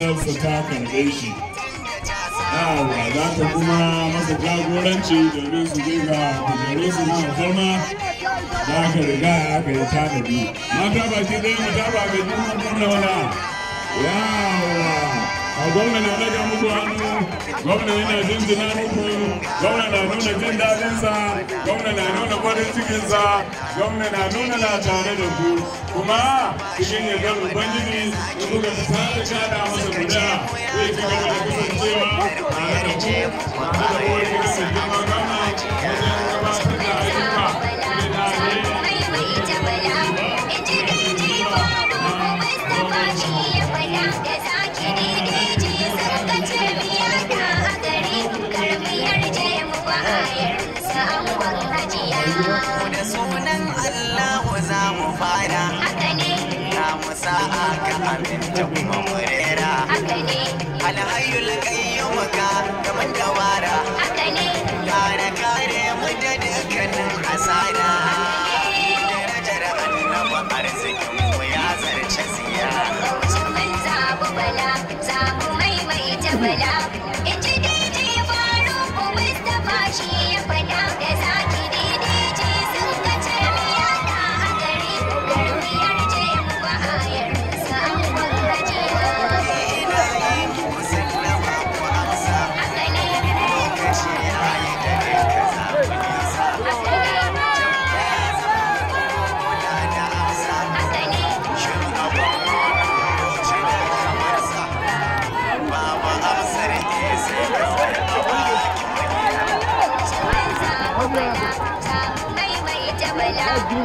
su ta karbe shi yawa za ta kuma masa jagoranci domin su je ga kujeru su na alfarma za ka riga aka yi ta da biyu mata baki ɗaya mata ba ga jin wani wala yawa gwamna na daga muku hannu gwamna yana jinjina muku gwamna na nuna jin daɗinsa gwamna na nuna farin cikinsa gwamna na nuna na tare da ku kuma cikin yardar ubangiji in kuka sake kada masa guda zai ci gaba da kasancewa tare da ku tare da kowace kasance da sunan Allah za mu fara. Haka ne. Na musa aka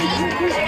Thank you.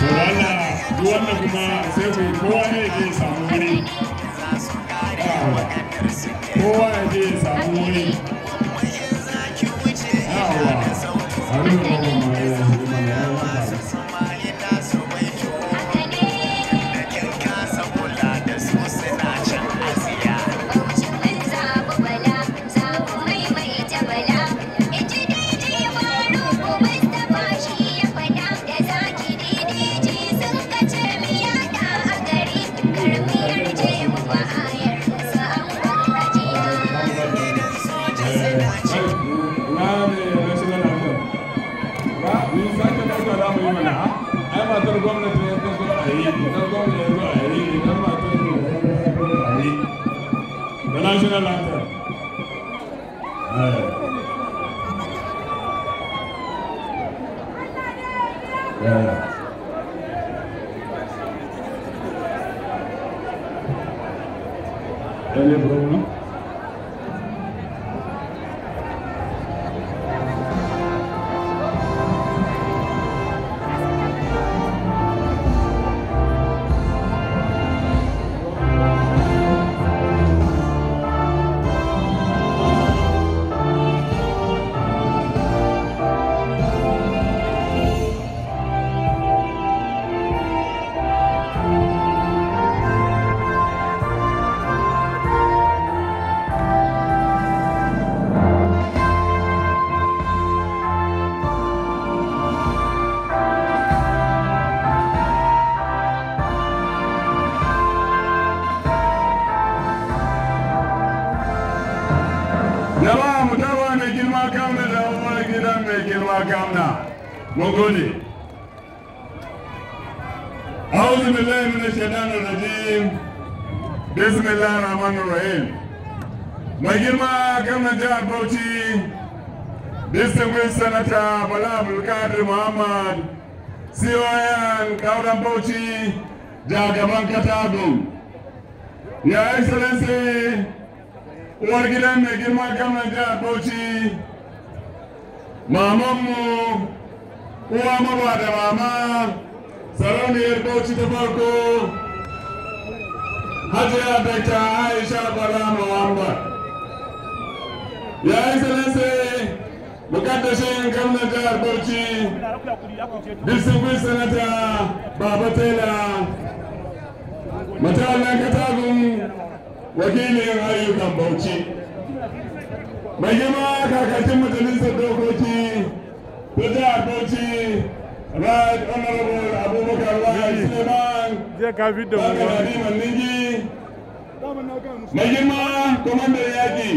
to wannan kuma sai ku kowa ne ke samu wuri kowa ya je samu wuri yawa a rufe matar gwamnati ya ta zo a yi idan gwamnati ya zo a yi idan matar gwamnati ya zo a yi da national anthem Distinguished Senator Bala Abdulkadir Muhammad, CON Kauran Bauchi, Jagaban Katago. Ya Excellency, uwar gidan mai girma gwamnan Bauchi, mamanmu, uwa maba da mama, sarauniyar Bauchi ta farko, Hajiya Aisha Bala Muhammad. Ya Excellency, mukaddashin gwamnan jihar bauchi distinguished sanata, baba taylor mutanen katagun wakilin ayyukan bauchi mai girma kakakin majalisar dokoki ta jihar bauchi right honorable abubakar wahid suleiman baka da ningi mai girma kwamandan yaki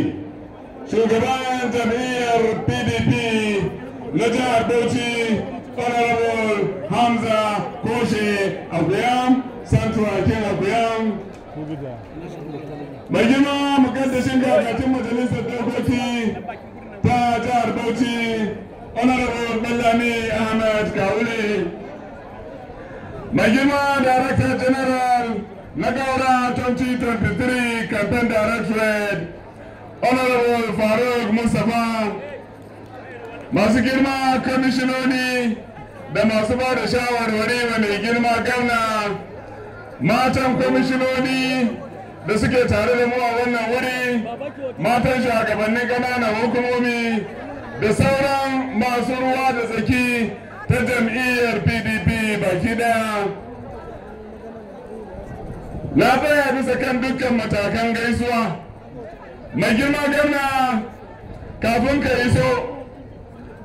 shugaban jam'iyyar pdp na jihar bauchi hamza koshe akuyam santuwa ken akuyam mai girma mukaddashin gagatin majalisar dokoki ta jihar bauchi honorable bellami ahmed kawule mai girma director general na 2023 campaign directorate honorable Farouk mustapha masu girma kamishinoni da masu ba da shawarwari wa mai girma gana matan kamishinoni da suke tare da mu a wannan wuri matan shugabannin ƙananan hukumomi da sauran masu ruwa da tsaki ta jam'iyyar pdp baki daya na tsaya bisa kan dukkan matakan gaisuwa mai girma gwamna kafin ka iso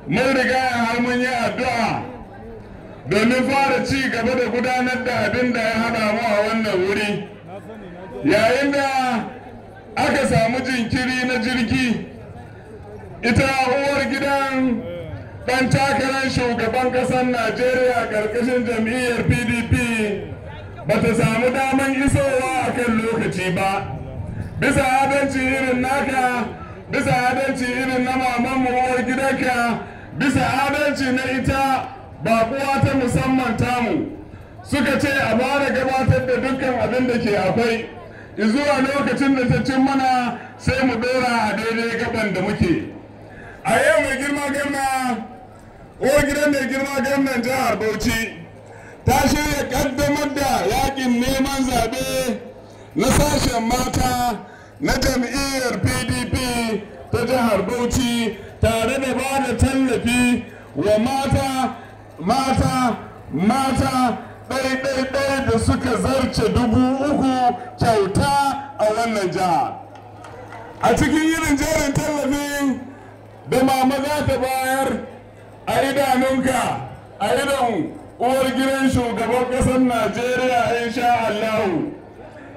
mun riga har mun yi addu'a domin fara ci gaba da gudanar da abin da ya hada mu a wannan wuri yayin da aka samu jinkiri na jirgi ita uwar gidan Dan takarar shugaban ƙasar najeriya ƙarƙashin jam'iyyar pdp ba ta samu daman isowa a kan lokaci ba bisa adalci irin naka bisa adalci irin na mamanmu uwar gidanka bisa adalci na ita bakuwa ta musamman tamu suka ce a bara gabatar da dukkan abin da ke akwai zuwa lokacin da ta cin mana sai mu bera a daidai gaban da muke a yau mai girma gamna ko gidan mai girma gamnan jihar bauchi ta shirya kaddamar da yakin neman zaɓe na sashen mata na jam'iyyar pdp ta jihar bauchi tare da ba da tallafi wa mata mata mata ɗaiɗaiɗai da suka zarce dubu uku kyauta a wannan jihar a cikin irin jerin tallafi da mama za ta bayar a idanunka a idan uwar gidan shugaban ƙasar najeriya sha allahu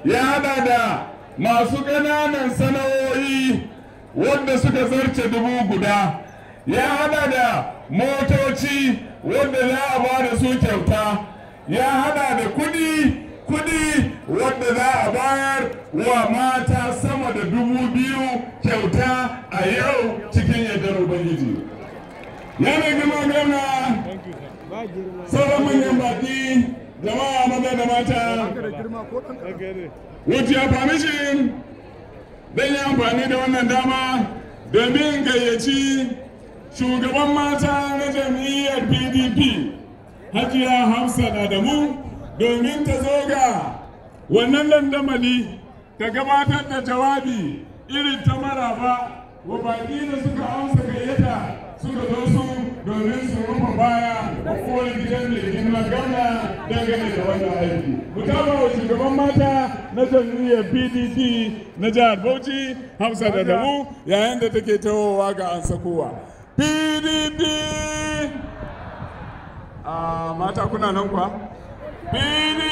ya haɗa da masu ƙananan sana'o'i wanda suka zarce dubu guda ya haɗa da motoci wanda za a ba da su kyauta ya haɗa da kudi kudi wanda za a bayar wa mata sama da dubu biyu kyauta a yau cikin yardar ubangiji yana gama gama sauran manyan baki jama'a maza da mata with permission zan yi amfani da wannan dama domin gayyaci shugaban mata na jam'iyyar pdp hajiya hamsa adamu domin ta zo ga wannan dandamali ta gabatar da jawabi irin ta maraba wa baƙi da suka amsa gayyata suka zo sun domin su rufe baya a kowane gidan lekin na gama dangane da wannan aiki. Mutaba wa shugaban mata na jam'iyyar PDP na jihar Bauchi Hafsa da Damu yayin da take tawowa ga an sakowa. PDP! Ah, mata kuna nan kwa? PDP!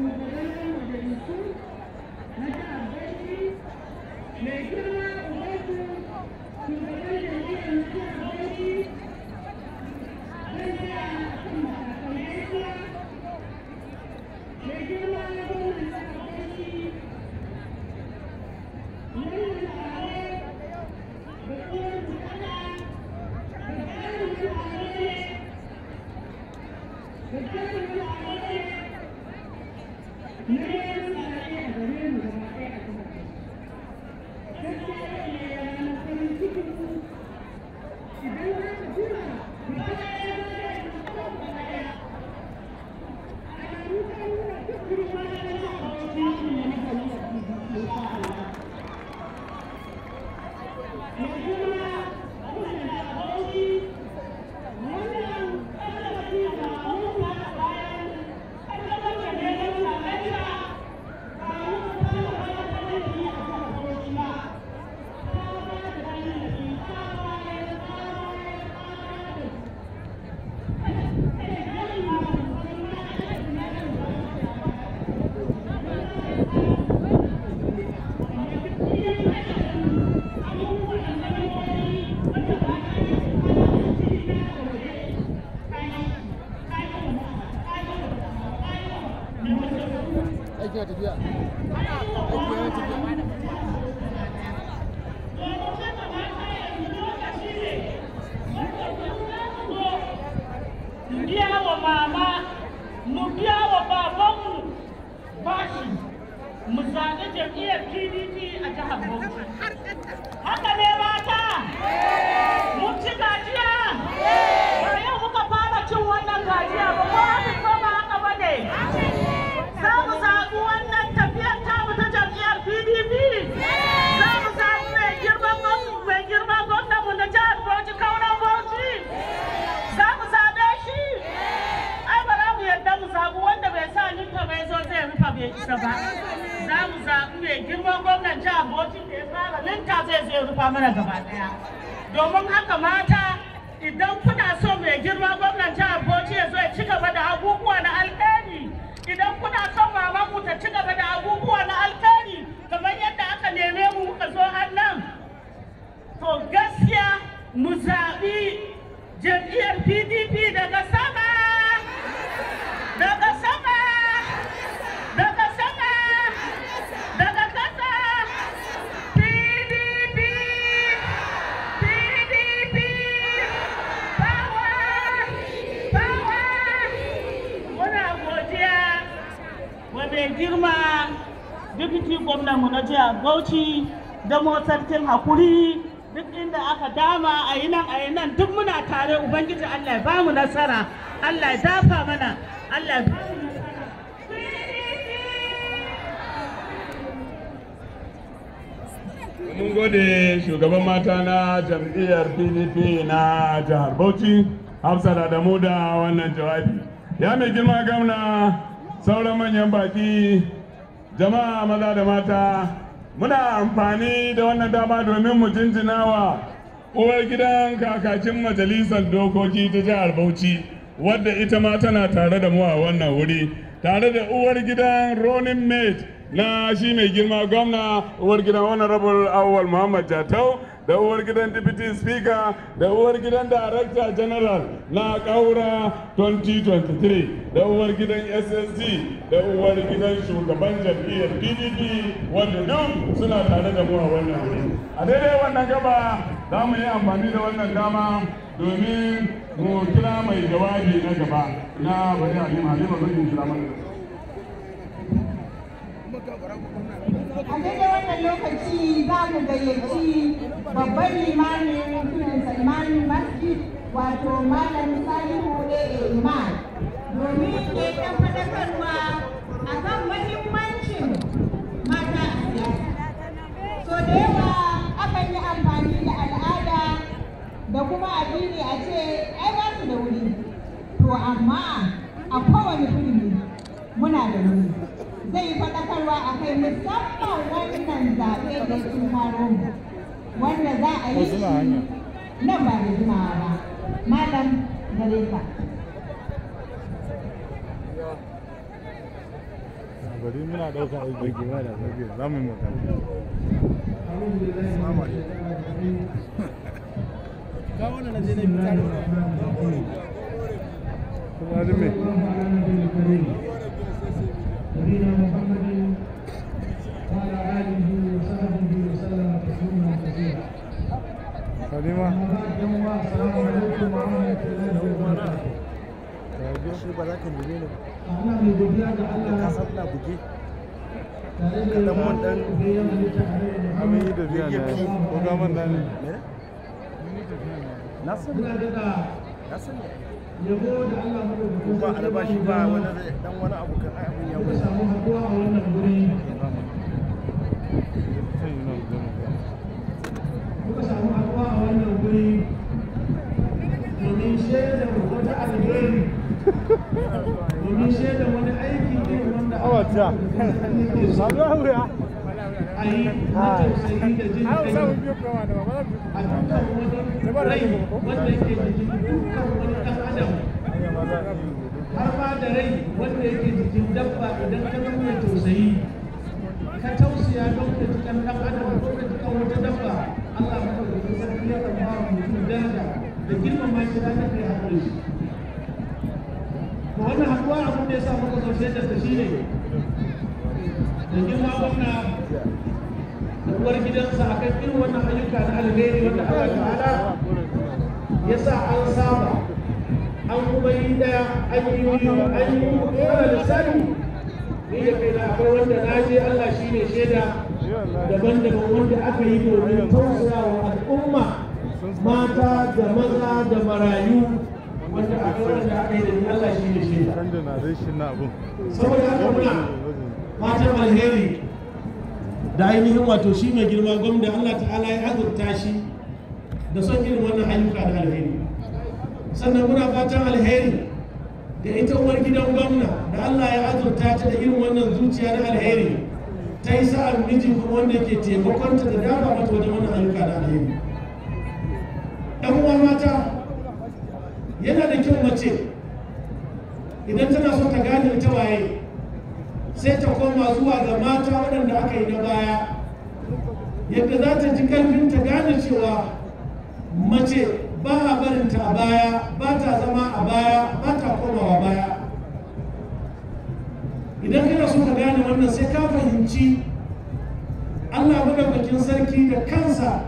Thank you. mu zaɓi jam'iyyar pdp a jihar bauchi haka ne mata eh. Zamu isa ba za mu zaɓi mai girman gwamnan jihar Bauchi da ya fara linka zai zai rufa mana gaba ɗaya domin haka mata idan kuna so mai girma gwamnan jihar Bauchi ya zo ya ci gaba da abubuwa na alheri idan kuna son mamanmu ta ci gaba da abubuwa na alheri kamar yadda aka neme mu muka zo har nan to gaskiya mu za bauchi da tin hakuri duk inda aka dama a yi nan a yi nan duk muna tare ubangiji allah ya bamu nasara allah ya dafa mana allah ya mun gode shugaban mata na jam'iyyar pdp na jihar bauchi hafsa adamu da wannan jawabi ya mai girma gamna sauran manyan baki jama'a maza da mata muna amfani da wannan dama domin mu jinjina wa uwar gidan kakakin majalisar dokoki ta jihar bauchi wadda ita ma tana tare da mu a wannan wuri tare da uwar gidan ronin mate na shi mai girma gwamna uwar gidan rabar awwal muhammad jatau da uwar gidan deputy speaker da uwar gidan director general na kaura 2023 da uwar gidan ssd da uwar gidan shugaban jam'iyyar pdp wanda duk suna tare da mu a wannan wuri a daidai wannan gaba za mu yi amfani da wannan dama domin mu kira mai jawabi na gaba na bari halima halima zan yi kira mana a daidai wannan lokaci za mu gayyaci babban limamin tunan salmanin masjid wato malam ɗauka aiki ba da za mu yi Kadima. Kadima. Kadima. Kadima. kaɗan mun ɗan abin yi tafiya na yi ko ga man ɗan na sani na sani ko ba albashi ba wani dan wani abu kan abin ya wuce samu hakuwa a wannan guri kuka samu hakuwa a wannan guri domin shaida wata alheri domin shaida Abuja. Sabi wuya. Ana samun biyu kuma da ba za mu rai wanda yake jikin dukkan ɗan adam har ma da rai wanda yake jikin dabba idan ka zama mai tausayi ka tausaya don ka ji ɗan adam ko ka ji kan wata dabba Allah maka da kusa ya mutum da girmama shi za ka kai haƙuri. wannan haƙuwa abin da ya sa da shi ne da girma gwamna da uwar gidansa a kan irin wannan ayyuka na alheri wanda Allah ta'ala ya sa an saba an kuma yi daya an yi biyu an lissafi ni da kaina akwai wanda na je Allah shi ne shaida daban-daban wanda aka yi domin tausayawa al'umma mata da maza da marayu wanda a kan da aka yi da ni Allah shi ne shaida saboda haka muna fatan alheri da ainihin wato shi mai girma gwamnati Allah ta'ala ya azurta shi da son irin wannan ayyuka da alheri sannan muna fatan alheri da ita uwar gidan gwamna da Allah ya azurta ta da irin wannan zuciya na alheri ta yi sa'ar miji kuma wanda ke taimakonta da dama mata wajen wannan ayyuka da alheri ɗan uwa mata yana da kyau mace idan tana so ta gane ta waye sai ta koma zuwa ga mata waɗanda aka yi na baya yadda za ta ji karfin ta gane cewa mace ba a barinta a baya ba ta zama a baya ba ta komawa baya idan kana so ka gane wannan sai ka fahimci Allah madaukakin sarki da kansa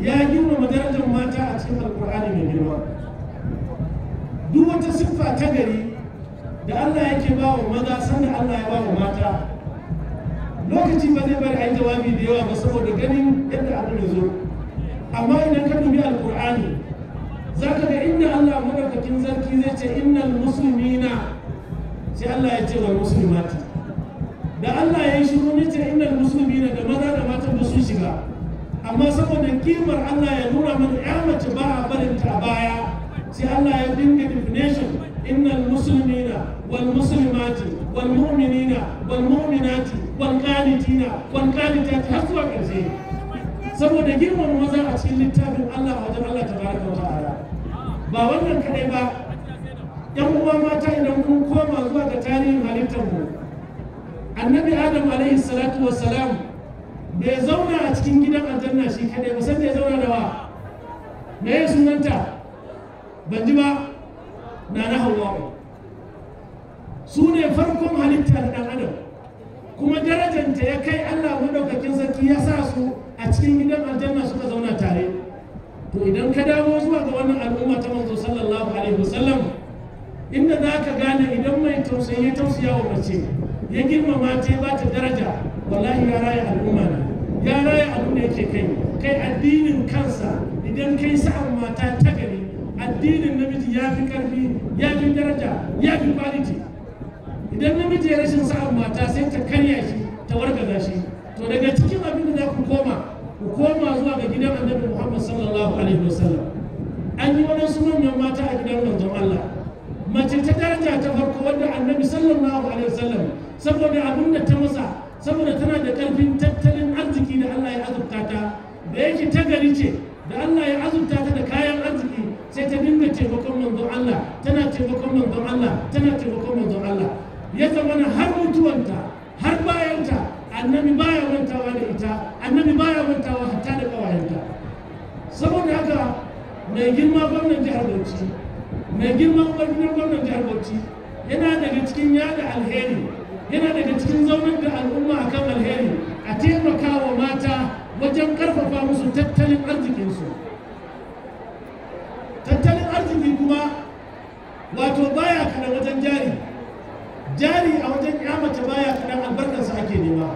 ya girmama darajar mata a cikin alkur'ani mai girma duk wata siffa ta gari da Allah yake ba wa maza sanda Allah ya ba wa mata lokaci ba zai bari a yi jawabi da yawa ba saboda ganin yadda abu da zo amma idan ka dubi alkur'ani za ka ga inda Allah madaukakin zarki zai ce innal muslimina sai Allah ya ce wa muslimat da Allah ya yi shiru ne ce innal muslimina da maza da matan da sun shiga amma saboda kimar Allah ya nuna mana ya mace ba a barinta a baya sai Allah ya dinga definition innal muslimina wal muslimati wal mu'minina wal mu'minati wal qanitina wal qanitati har zuwa ƙarshe saboda girman maza a cikin littafin Allah wajen Allah tabaraka wa ta'ala ba wannan kadai ba yan uwa mata idan kun koma zuwa ga tarihin halittar mu annabi adam alaihi salatu wa salam bai zauna a cikin gidan aljanna shi kadai ba san da ya zauna da wa me sunanta ban ji ba na na hawa su ne farkon halittar ɗan adam kuma darajanta ya kai allah maɗaukakin sarki ya sa su a cikin gidan aljanna suka zauna tare to idan ka dawo zuwa ga wannan al'umma ta manzo sallallahu alaihi wasallam inda za ka gane idan mai tausayi ya tausaya wa mace ya girmama ce ba ta daraja wallahi ya raya al'umma na ya raya abin da yake kai kai addinin kansa idan kai sa'ar mata ta gari addinin namiji ya fi karfi ya fi daraja ya fi kwaliti idan namiji ya rashin sa'ar mata sai ta karya shi ta wargaza shi to daga cikin abin da za ku koma ku koma zuwa ga gidan annabi muhammad sallallahu alaihi wasallam an yi waɗansu manyan mata a gidan manzon allah mace ta daraja ta farko wanda annabi sallallahu alaihi wasallam saboda abin da ta masa jari a wajen ya mace baya kaɗan albarkarsa ake nema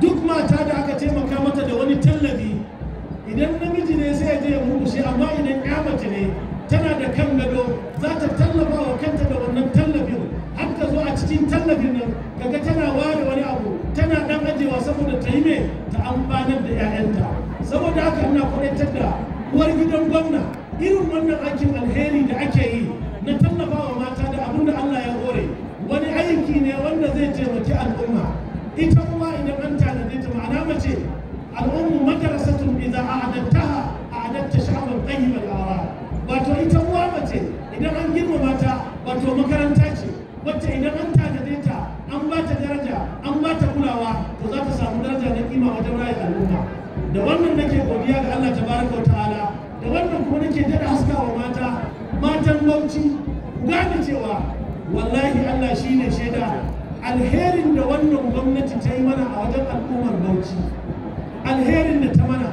duk mata da aka taimaka mata da wani tallafi idan namiji ne sai ya je ya shi amma idan ya mace ne tana da kan gado za ta tallafa wa kanta da wannan tallafin har ta zo a cikin tallafin nan kaga tana ware wani abu tana dan ajewa saboda ta yi mai ta amfanar da 'ya'yanta saboda haka ina ta da uwar gidan gwamna irin wannan aikin alheri da ake yi na tallafa wa mata da abin da Allah ya taimaki al'umma ita kuma idan an tanade ta ma'ana mace al'ummu madarasatun a adatta sha'awar sha'ban tayyiban awa wato ita uwa mace idan an girma mata wato makaranta ce wacce idan an tanade ta an ba ta daraja an ba ta kulawa to za ta samu daraja na kima wajen rayu al'umma da wannan nake godiya ga Allah tabaraka ta'ala da wannan kuma nake dada haskawa mata matan bauchi ku gane cewa wallahi Allah shine shaida alherin da wannan gwamnati ta yi mana a wajen al'ummar bauchi alherin da ta mana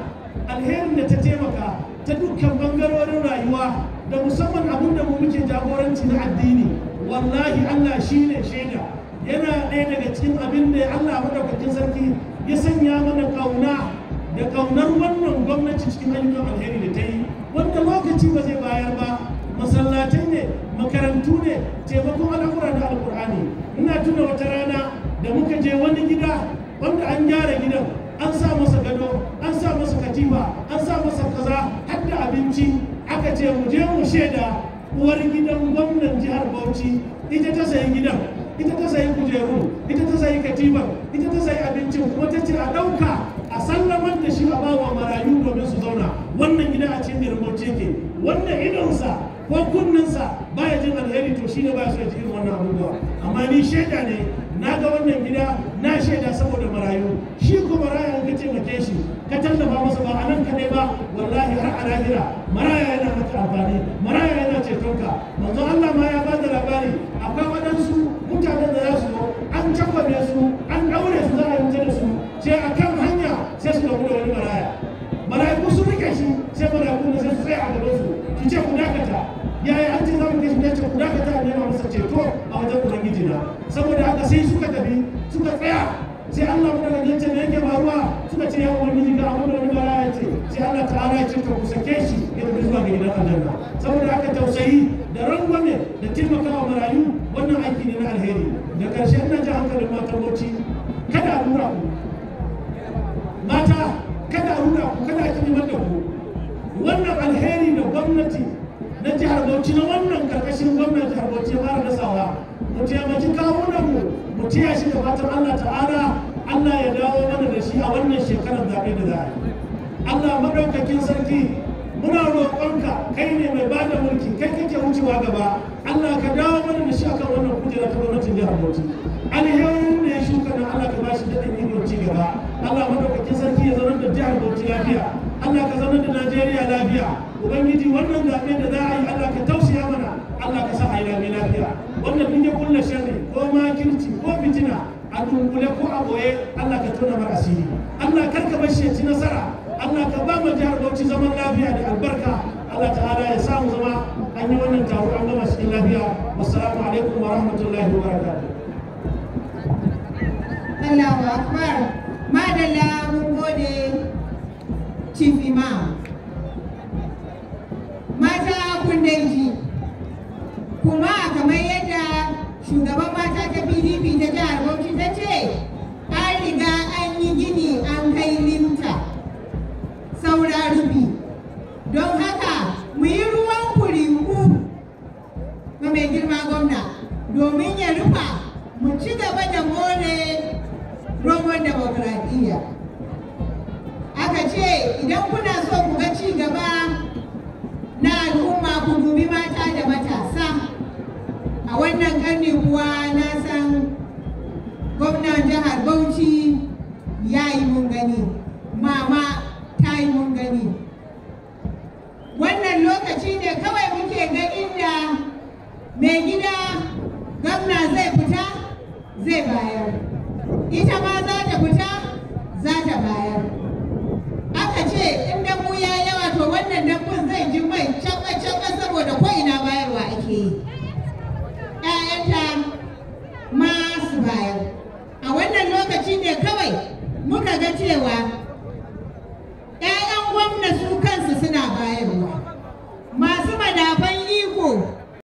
alherin da ta taimaka ta dukkan bangarorin rayuwa da musamman abin da mu muke jagoranci na addini wallahi allah shine shaida yana ɗaya daga cikin abin da allah maɗaukakin sarki ya sanya mana ƙauna da ƙaunar wannan gwamnati cikin ayyukan alheri da ta yi wanda lokaci ba zai bayar ba masallatai ne makarantu ne taimakon al'amura da alkur'ani ina tuna wata rana da muka je wani gida wanda an gyara gidan an sa masa gado an sa masa katifa an sa masa kaza har abinci aka ce mu je mu shaida uwar gidan gwamnan jihar bauchi ita ta sayi gidan ita ta sayi kujeru ita ta sayi katifa ita ta sayi abinci kuma ta ce a ɗauka a sallamar da shi a bawa marayu domin su zauna wannan gida a cikin garin bauchi yake wannan idonsa ko kunnensa ba ya jin alheri to shine ba ya so ji irin wannan abubuwa amma ni shaida ne na ga wannan gida na shaida saboda marayu shi ko maraya ka taimake shi ka tallafa masa ba a nan ne ba wallahi har a lahira maraya yana maka amfani maraya yana cetonka manzo Allah ma ya ba da labari akwai waɗansu mutanen da za su zo an tabbabe su an ɗaure su za a yi da su sai a kan hanya sai su gamu da wani maraya marayu sun rike shi sai marayu da sai su tsaya a gaban su su ce ku dakata yaya an ce za mu kai ne ce ku dakata a nema masa to a wajen ubangiji na saboda haka sai suka tafi suka tsaya sai Allah mu daga gance me yake faruwa suka ce ya ubangiji ga abu da Allah ya ce sai Allah ta'ala ya ce ka ku sake shi ya tafi zuwa ga gidan allah saboda haka tausayi da rangwame da taimakawa marayu wannan aiki ne na alheri da karshe ina ji hankalin matan bauchi kada a nura ku mata kada a nura ku kada a kiɗi da ku wannan alheri da gwamnati na jihar bauchi na wannan karkashin gwamnan jihar bauchi mara nasawa mu taimaki kawunan mu mu tiya shi da fatan allah ta'ala allah ya dawo mana da shi a wannan shekarar zaɓe da za allah maɗaukakin sarki muna roƙonka kai ne mai ba da mulki kai kake wucewa gaba allah ka dawo mana da shi akan wannan kujera ta gwamnatin jihar bauchi alherin ne ya shuka na allah ka ba shi daɗin ilimin ci gaba Allah madaukakin sarki ya zama da jihar Bauchi lafiya Allah ka zama da Najeriya lafiya ubangiji wannan zaɓe da za a yi Allah ka tausaya mana Allah ka sa a yi lami lafiya wannan duk ya kulle sharri ko makirci ko fitina a dunkule ko a boye Allah ka tona mara asiri Allah kar ka bar ci nasara Allah ka ba jihar Bauchi zaman lafiya da albarka Allah ta'ala ya samu zama an yi wannan taro an gama cikin lafiya wassalamu alaikum wa rahmatullahi wa Allahu akbar madalla mun gode chief imam mata kun kuma kamar yadda shugaban mata ta pdp ta jihar bauchi ta ce an riga an yi gini an kai linta saura rubi don haka mu yi ruwan kuriku ga mai girma gwamna domin ya rufa mu ci gaba da more roman demokradiyya aka ce idan kuna so ku ga ci gaba na al'umma ku dubi mata da matasa a wannan karni kuwa na san gwamnan jihar bauchi ya yi mun gani mama ta yi mun gani wannan lokaci ne kawai muke ganin da mai gida gwamna zai fita zai bayar